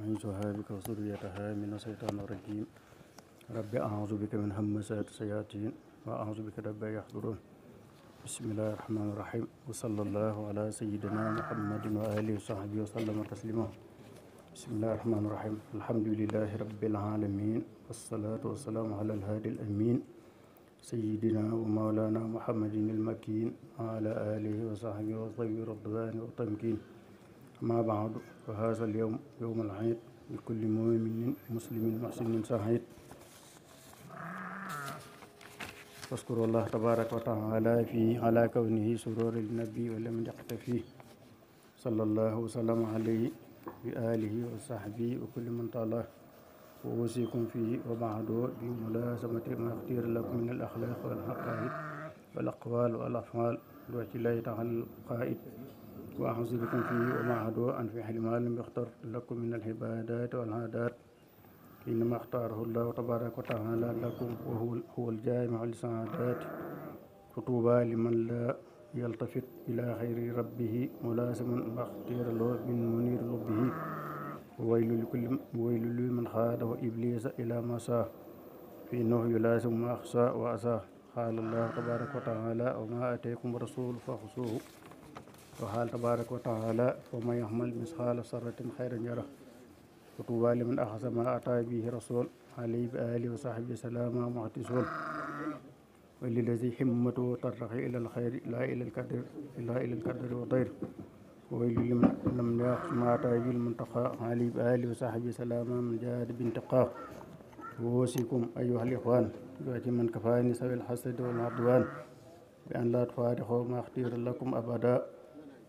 أعيذها بك وذريتها من الشيطان الرجيم رب أعوذ بك من همزات الشياطين وأعوذ بك رب يحضرون بسم الله الرحمن الرحيم وصلى الله على سيدنا محمد وآله وصحبه وسلم تسليما بسم الله الرحمن الرحيم الحمد لله رب العالمين والصلاة والسلام على الهادي الأمين سيدنا ومولانا محمد المكين وعلى آله وصحبه وطيب الرضوان والتمكين أما بعد فهذا اليوم يوم العيد لكل مؤمن مسلم محسن سعيد فاذكروا الله تبارك وتعالى في على كونه سرور النبي ولم يقتفي صلى الله وسلم عليه وآله وصحبه وكل من طاله ووصيكم فيه وبعد بملازمة ما اختير لكم من الأخلاق والحقائق والأقوال والأفعال واعتلاء تعالى القائد وأعوذ بكم فيه وما عدو أن في حلم لم يختر لكم من العبادات والعادات إنما اختاره الله تبارك وتعالى لكم وهو هو الجامع للسعادات فطوبى لمن لا يلتفت إلى خير ربه ملازم مختير له من منير لبه ويل لكل ويل لمن خاده إبليس إلى مساه فإنه يلازم ما أخصى وأساه قال الله تبارك وتعالى وما آتيكم رسول فخصوه وقال تبارك وتعالى وما يحمل مثقال سرة خير يره وطوبى لمن أخذ ما أتى به رسول عليه بآله وصحبه سلاما معتزول وللذي همته طرق إلى الخير لا إلى الكدر لا إلى الكدر وطير وويل لمن لم يأخذ ما أتى به المنتقى عليه بآله وصحبه سلاما من جاد بانتقاه ووصيكم أيها الإخوان بأتي من كفاني سوي الحسد والعدوان بأن لا تفارقوا ما اختير لكم أبدا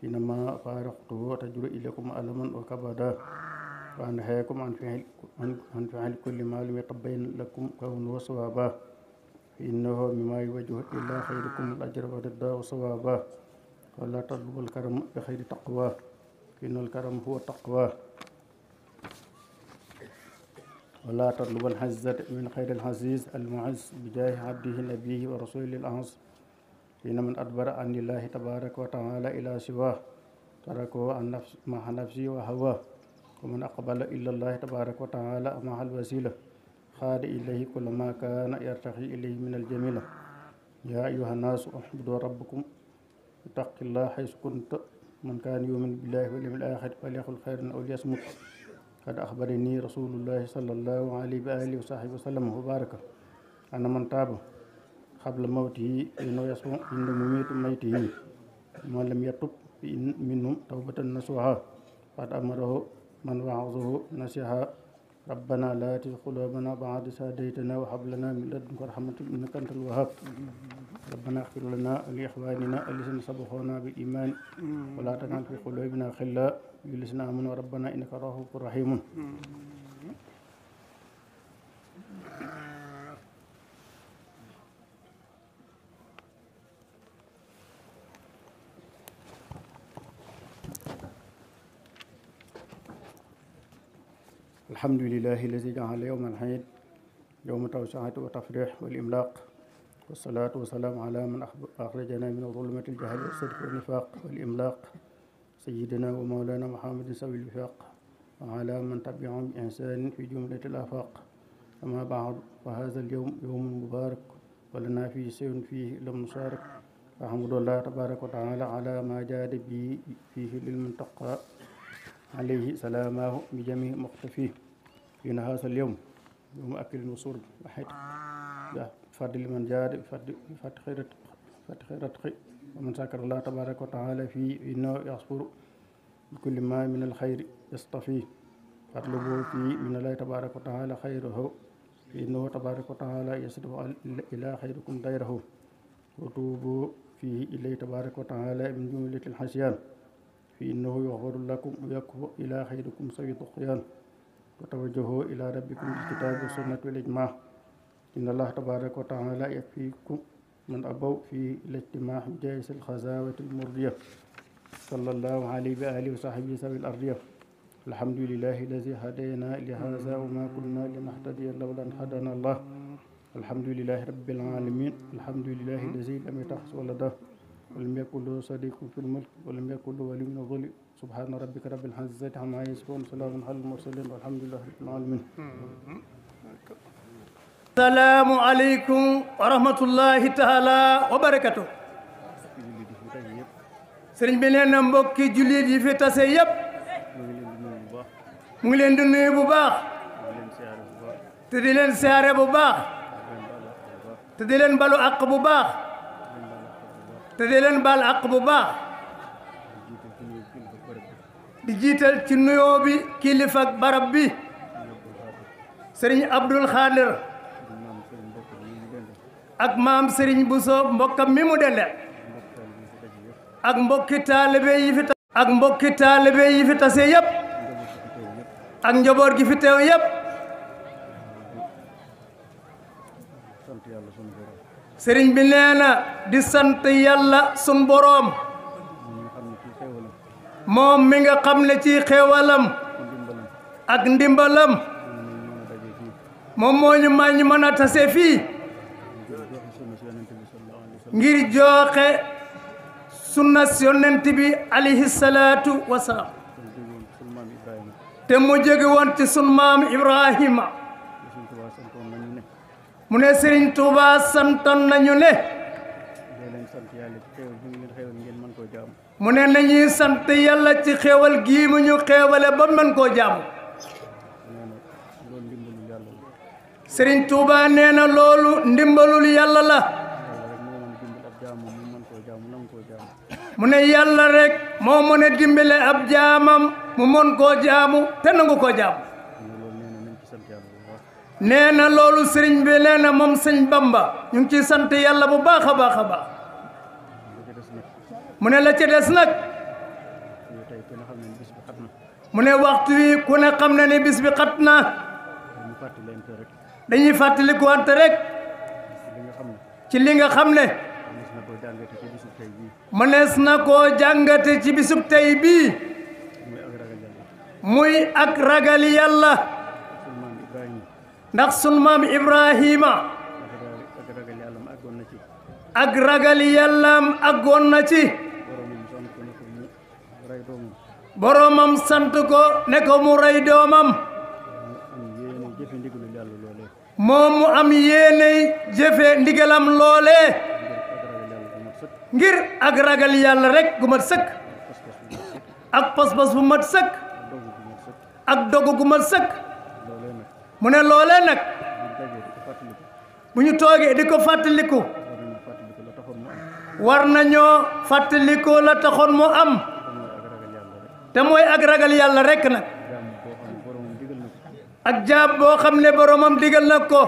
حينما فارقته وتجر إليكم ألما وكبدا وأنهاكم عن فعل عن فعل كل ما لم يتبين لكم كون وصوابا فإنه مما يوجه إلا خيركم الأجر والرضا وصوابا ولا تطلب الكرم بخير تقوى فإن الكرم هو تقوى ولا تطلب الحزة من خير الحزيز المعز بجاه عبده نبيه ورسوله الأعز حين من أدبر أن الله تبارك وتعالى إلى سواه تركه عن نفس مع نفسي وهواه ومن أقبل إلا الله تبارك وتعالى مع الوسيلة خاد إليه كل ما كان يرتقي إليه من الجميلة يا أيها الناس اعبدوا ربكم اتق الله حيث كنت من كان يؤمن بالله واليوم الآخر فليقل خيرا أو ليصمت قد أخبرني رسول الله صلى الله عليه وآله وصحبه وسلم وبارك أن من تاب xabla mawtihi innahu yasmu inda mumitu maytihi man lam yatub minhum tawbatan nasuha faqad amarahu man wa'azahu nasiha rabbana la tuzigh qulubana ba'da idh hadaytana wa hab lana min ladunka rahmatan innaka antal wahhab rabbana ighfir lana wa li ikhwanina alladhina bil iman wa la taj'al fi qulubina ghillan lil ladzina amanu rabbana innaka ra'ufur rahim الحمد لله الذي جعل يوم الحيد يوم توسعة وتفريح والإملاق والصلاة والسلام على من أخرجنا من ظلمة الجهل والصدق والنفاق والإملاق سيدنا ومولانا محمد سوي الوفاق وعلى من تبعهم بإحسان في جملة الآفاق أما بعد فهذا اليوم يوم مبارك ولنا في سير فيه لم نشارك الحمد الله تبارك وتعالى على ما جاد به فيه للمنتقى عليه سلامه بجميع مختفيه فينا هذا اليوم يوم أكل وصول وحيد فرد لمن جاد فرد خيرت فتح خيرت خير ومن شكر الله تبارك وتعالى في إنه يصبر بكل ما من الخير يصطفيه فاطلبوا في من الله تبارك وتعالى خيره إنه تبارك وتعالى يصرف إلى خيركم دائره وتوبوا فيه إليه تبارك وتعالى من جملة الحسيان فإنه يغفر لكم ويكفر إلى خيركم سوي الخيان وتوجهوا إلى ربكم بالكتاب والسنة والإجماع إن الله تبارك وتعالى يكفيكم من أبوا في الاجتماع بجائزة الخزاوة المرضية صلى الله عليه وآله وصحبه سوي الأرضية الحمد لله الذي هدينا لهذا وما كنا لنهتدي لولا أن هدانا الله الحمد لله رب العالمين الحمد لله الذي لم يتخذ ولده ولم يكن له صديق في الملك ولم يكن له ولي من الظلم سبحان ربك رب العزة عما يصفون سلام على المرسلين والحمد لله رب العالمين السلام عليكم ورحمة الله تعالى وبركاته سرنج بلين نمبوكي جليد يفتا سيب مولين دنوي بباخ تدلين سيارة بباخ تدلين بلو أق بباخ تدلين بال أق بباخ di jiital ci nuyoo bi kilifa ak barab bi sëriñ Abdul Xaadir ak maam sëriñ Bousso mbokkam mi mu dende ak mbokki taalibe yi fi ak mbokki ak njaboot gi fi teew yëpp sëriñ bi nee di sant yàlla sun boroom moom mi nga xam ne ci xéewalam ak ndimbalam moom moo ñu may ñu mën a tase fii ngir jooxe sunna yonent bi alayhi salaatu wasalaam te mu jóge woon ci sun maam Ibrahima mu ne Serigne Touba santoon nañu ne mu ne nañuy sant yàlla ci xéewal gii mu ñu xéewale ba mën koo jaamu Sëriñ Tuuba nee na loolu ndimbalul yàlla la mu ne yàlla rek moo mën ne dimbale ab jaamam mu mën koo jaamu te nangu koo jaamu nee na loolu sëriñ bi nee na moom sëñ Bamba ñu ngi ciy sant yàlla bu baax a baax a baax mune la ci dess nak mune waxtu wi ku ne xam na ne bis bi khatna dañuy fatali ko ante rek ci li nga xam ne na ko jangate ci bisub tay bi muy ak ragal yalla ndax sun mam Ibrahima ak ragal yàllaam àggoon na ci boromam sant ko ne ko mu rey doomam moom mu am yéeney jëfe ndigalam loolee ngir ak ragal yàlla rekk gu mat sëkk ak pas bu mat sëkk ak dogu gu mat sëkk mu ne loole nag bu ñu toogee di ko fàttaliku war nañoo fàttalikoo la taxoon mu am te moy ak ragal yalla rek nak ak jaam bo xamne boromam digal nako ko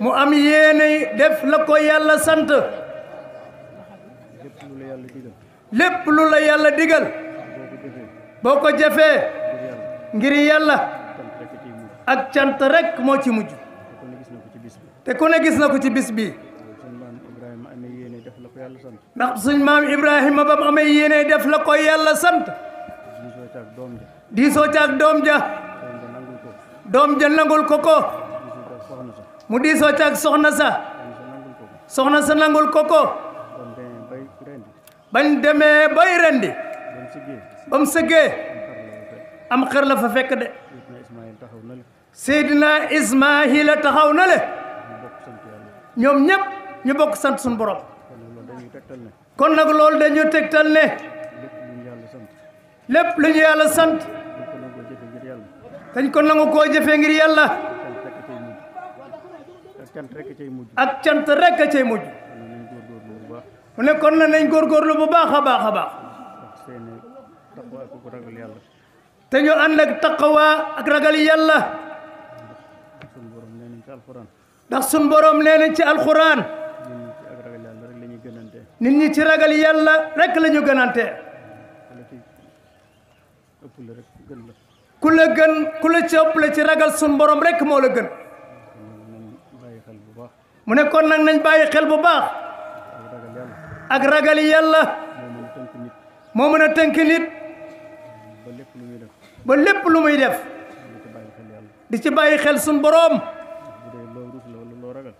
mu am yene def lako yalla sante lepp lu la yalla digal boko jefe ngir yalla ak cyant rek mo ci mujj te ko ne gis ci bis bi ndax suñ maam Ibrahima ba mu amee yéene def la koy yàlla sant diisoo caag doom ja doom ja nangul ko ko mu diisoo caag soxna sa soxna sa nangul ko ko bañ demee bay rendi ba mu sëggee am xër la fa fekk de Seydina Ismaahila taxaw na le ñoom ñëpp ñu bokk sant suñ borom kon lol de ñu tektal ne lepp lu ñu yalla sant dañ kon nak ko jëfé ngir yalla ak cant rek a cay mu ne kon nañ gor gor lu bu baax a baax te ñu and ak taqwa ak ragal yalla ndax sun borom nee nañ ci alquran nit ñi ci ragal yalla rek lañu gënanté kula gën kula ci ëpp la ci ragal sun borom rek mo la gën mu ne kon nak nañ bayyi xel bu baax ak ragal yalla mo mëna tënk nit ba lepp lu muy def di ci bayyi xel sun borom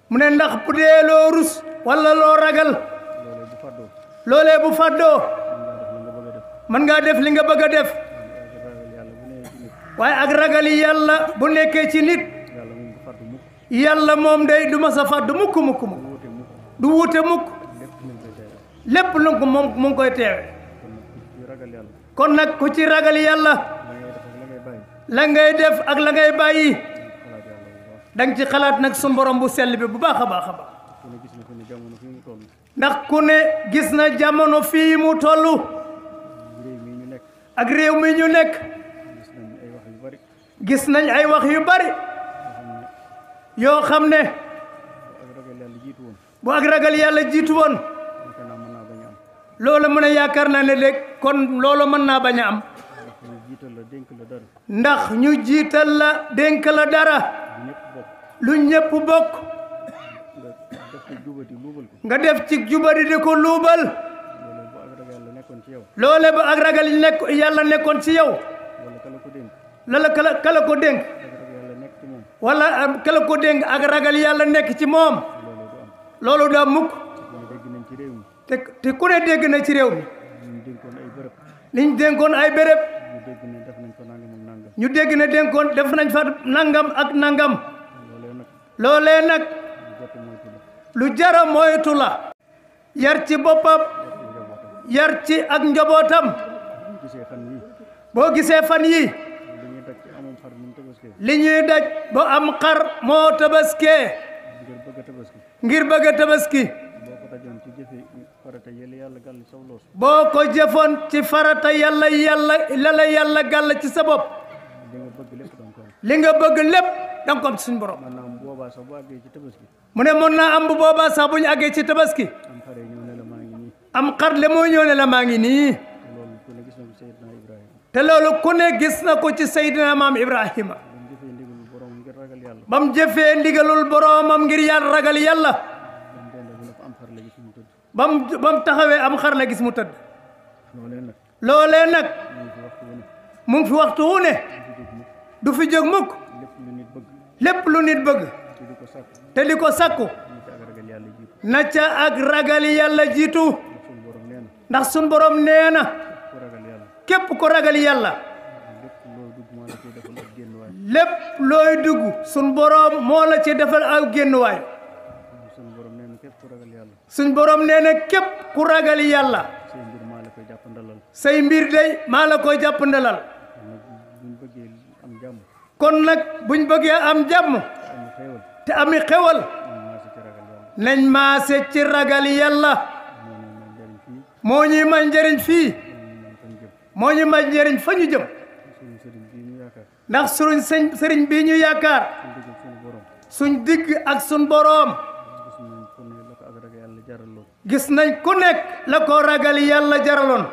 mu ne ndax bu dee loo rus wala loo ragal lolé bu faddo man nga def li nga bëgg def waaye ak ragali yalla bu nekké ci nit yalla mom day duma sa faddu mukk mukk mukk du wuté mukk lepp lu ko moom mu ngi koy teewe kon nak ku ci ragal yalla la ngay def ak la ngay bayyi dang ci xalaat nak sun borom bu sel bi bu baakha baakha ba ndax ku ne gis na jamono fii mu toll ak réew mi ñu nekk gis nañ ay wax yu bari yoo xam ne bu ak ragal yàlla jiitu woon loolu mën a yaakaar naa ne de kon loolu mën naa bañ a am ndax ñu jiital la dénk la dara lu ñëpp bokk nga def ci jubari di ko luubal loole ba ak ragal nekk yàlla nekkoon ci yow lala kala kala ko dénk wala kala ko dénk ak ragal yàlla nekk ci moom loolu daa mukk te te ku ne dégg na ci réew mi liñ dénkoon ay béréb ñu dégg na dénkoon def nañ fa nangam ak nangam loolee nag lu jara moytu la yar ci bopam yar ci ak njabootam bo gisee fan yi li ñuy daj bo am xar mo tabaske ngir bëgg tabaski boko ci farata yalla lala yalla gal ci sa bop li nga bëgg lepp dang ko ci suñu borom mu ne mën naa am bu boobaa sax bu ñu àggee ci tabaski am xar le moo ñëw ne la maa ngi nii te loolu ku ne gis na ko ci Seydina maam Ibrahima ba mu jëfee ndigalul boroomam ngir yàlla ragal yàlla ba mu ba mu taxawee am xar la gis mu tëdd loolee nag mu ngi fi waxtu wu ne du fi jóg mukk lépp lu nit bëgg te di ko sakku na ca ak ragal yàlla jiitu ndax sun borom nee na képp ko ragal yàlla lépp looy dugg sun borom moo la ci defal aw génnuwaay suñ borom nee na képp ku ragal yàlla say mbir day maa la koy jàppandalal kon nag buñ bëggee am jàmm te ami xewal nañ maase ci ragal yàlla moo ñuy may njëriñ fii moo ñuy may njëriñ fa ñu jëm ndax suñ sëñ sëriñ bii ñu yaakaar suñ digg ak suñ boroom gis nañ ku nekk la ko ragal yàlla jaraloon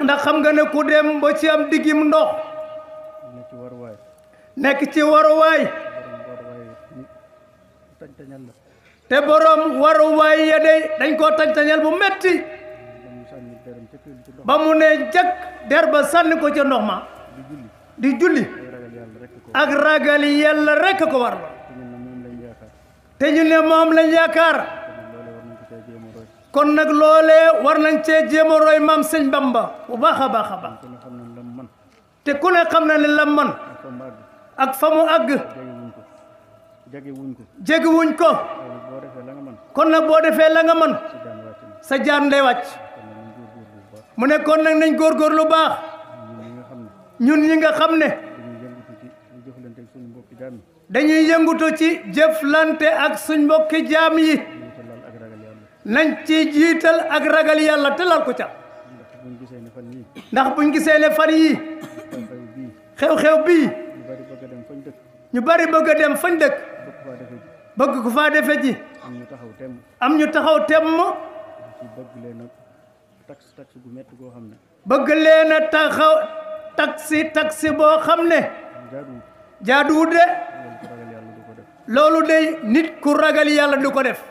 ndax xam nga ne ku dem ba ci am diggim ndox Nek ci way te borom way ya de, dañ koo tañtañal bu metti ba mu ne jek der ba ko ci ndox ma di julli ak ragal yalla rek ko war te ñu ne mom lañ kon nak lolé war nañ ci roy maam señ Bamba bu baax a ba te ku ne xam na lam man ak famu ag, àgg wuñ ko kon nak bo defé la nga man sa jaar day wacc mu ne kon nak nañ gor lu baax ñun ñi nga xamne dañuy yëngutu ci jëflante ak suñ mbokki jaam yi nañ ci jital ak ragal yalla te lal ko ca ndax buñu gisé ne fan yi xew-xew bi ñu bari bëgg dem fañ dëkk bëgg ku fa défé ji am ñu taxaw tém bëgg leen a taxi bëgg leen taxaw taxi taxi bo xamné jaadu de nit ku ragal yalla du ko def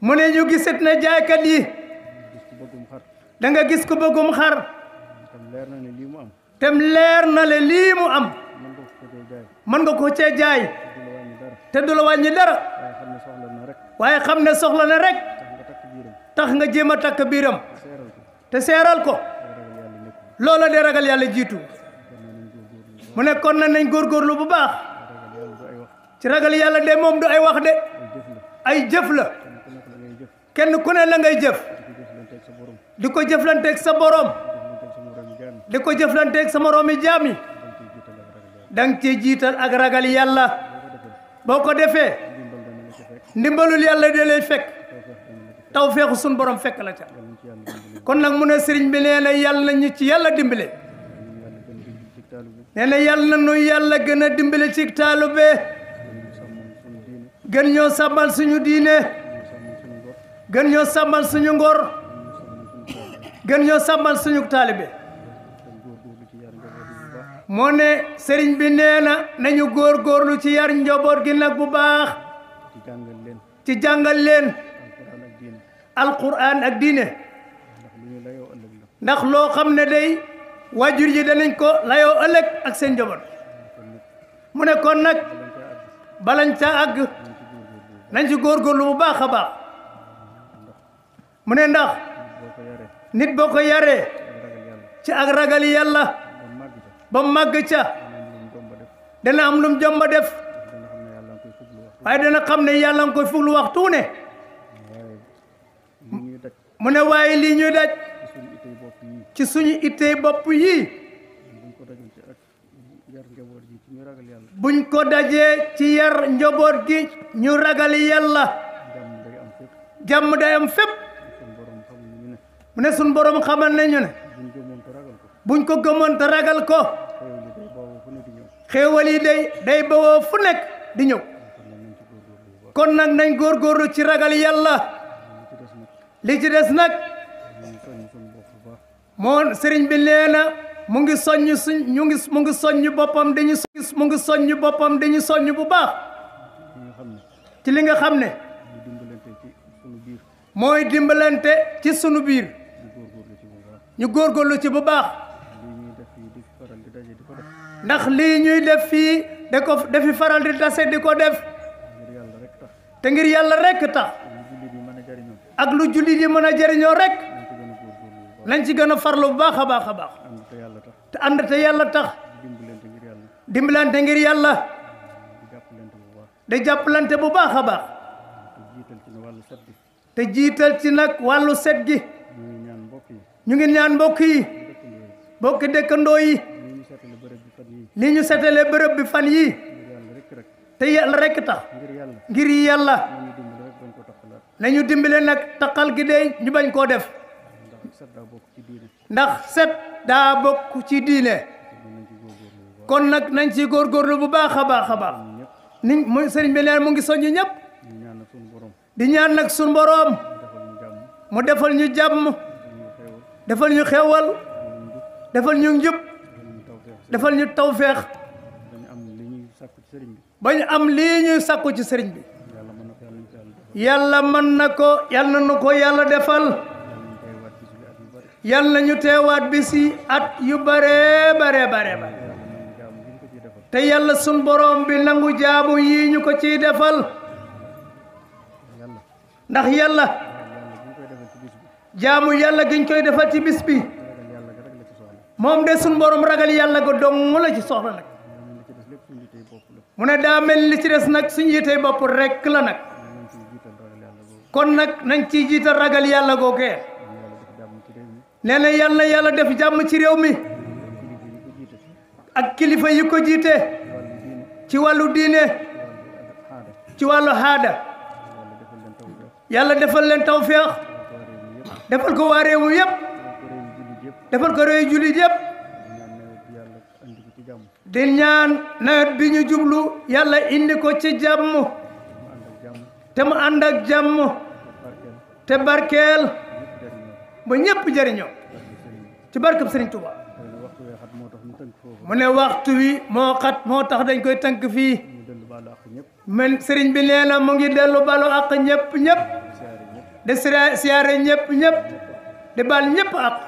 mu ñu gisit jaay kat yi da nga gis ko bëggum xar tem leer na le lii mu am mën nga ko cee jaay te du la wàññi dara waaye xam ne soxla na rek tax nga jéem a takk biiram te seeral ko loola de ragal yàlla jiitu mu ne kon na góor góorlu bu baax ci ragal yàlla de moom du ay wax de ay jëf la kenn ku ne la ngay jëf di ko jëflanteeg sa borom di ko jëflanteeg sama romi jami, yi danga ci jital ak ragal yalla boko defé ndimbalul yalla de lay fek tawfiq sun borom fek la ca kon nak mu ne bi neena yalla yàlla ñu ci yalla dimbele neena yalla nu yalla gëna dimbele ci talube gën ño sàmmal suñu diine gën ño suñu ngor gën ño suñu talibé moo ne sëriñ bi nee na nañu góor góorlu ci yar njaboot gi nag bu baax ci jàngal leen ci jàngal leen alquran ak diine ndax loo xam ne day waajur yi danañ ko layoo ëllëg ak seen njaboot mu ne kon nag balañ ca àgg nañ ci góorgóorlu bu baax a baax mu ne ndax nit boo ko yaree ci ak ragal yàlla ba mag ca dana am lum jomba def way dana xamne yalla ngoy nga fuglu waxtu ne mu ne waaye lii ñuy daj ci suñu ité bop yi buñ ko dajé ci yar njobor gi ñu ragal yalla jam day am fep mu ne suñ borom xamal nañu ne buñ ko gëmon ta ragal ko xewali day day bawo fu nek di ñew kon nak nañ góorgóorlu ci ragal yalla li ci dess nak moon sëriñ bi leena mu ngi soñu ñu ngi mu ngi soñu bopam dañu mu ngi soñu bopam dañu soñu bu baax ci li nga xamne moy dimbalante ci sunu bir ñu góorgóorlu ci bu baax ndax li ñuy def fi da ko fi faral di tassé di ko def te ngir yalla rek tax ak lu julli di mëna a rek lañ ci gëna a farlu baaxa baaxa a baax a te and te yalla tax dimbalante ngir yalla de jappalante bu baaxa a baax te jital ci nak walu set gi ñu ngi ñaan mbokk yi bokki dëkkandoo yi ni ñu setale bërëb bi fan yi te yalla rek tax ngir yalla nañu dimbalé nak takal gi dé ñu bañ ko def ndax set da bokk ci diiné kon nak nañ ci gor gor lu bu baaxa baaxa baax ni moy sëriñ bi leer mo ngi soñu ñëpp di ñaan nak suñu borom mu defal ñu jamm defal ñu xewal defal ñu njub defal ñu tawfex bañ am li ñuy sakku ci sëriñ bi yalla man nako ko yàlla yalla defal yalla ñu teewaat bi ci at yu bare bare bare ba te yalla sun borom bi nangu jaamu yi ñu ko ci defal ndax yalla jaamu yalla giñ koy defal ci bis mom de sun borom ragal yalla go dong la ci soxla nak mu ne daa mel li ci res nak suñu yitey bop rek la nak kon nak nañ ci jita ragal yalla go ke neena yalla yalla def jàmm ci rew mi ak kilifa yi ko jité ci walu diiné ci walu haada yalla defal len tawfiq defal ko wa rew yépp defal ko réew julit yeb di ñaan nawet bi ñu jublu yalla indi ko ci jamm te mu and ak jamm te barkel ba ñepp jariño ci barkam Serigne Touba mune waxtu wi mo xat mo tax dañ koy tank fi men Serigne bi leena mo ngi delu balu ak ñepp ñepp de siyaare ñepp ñepp de bal ñepp ak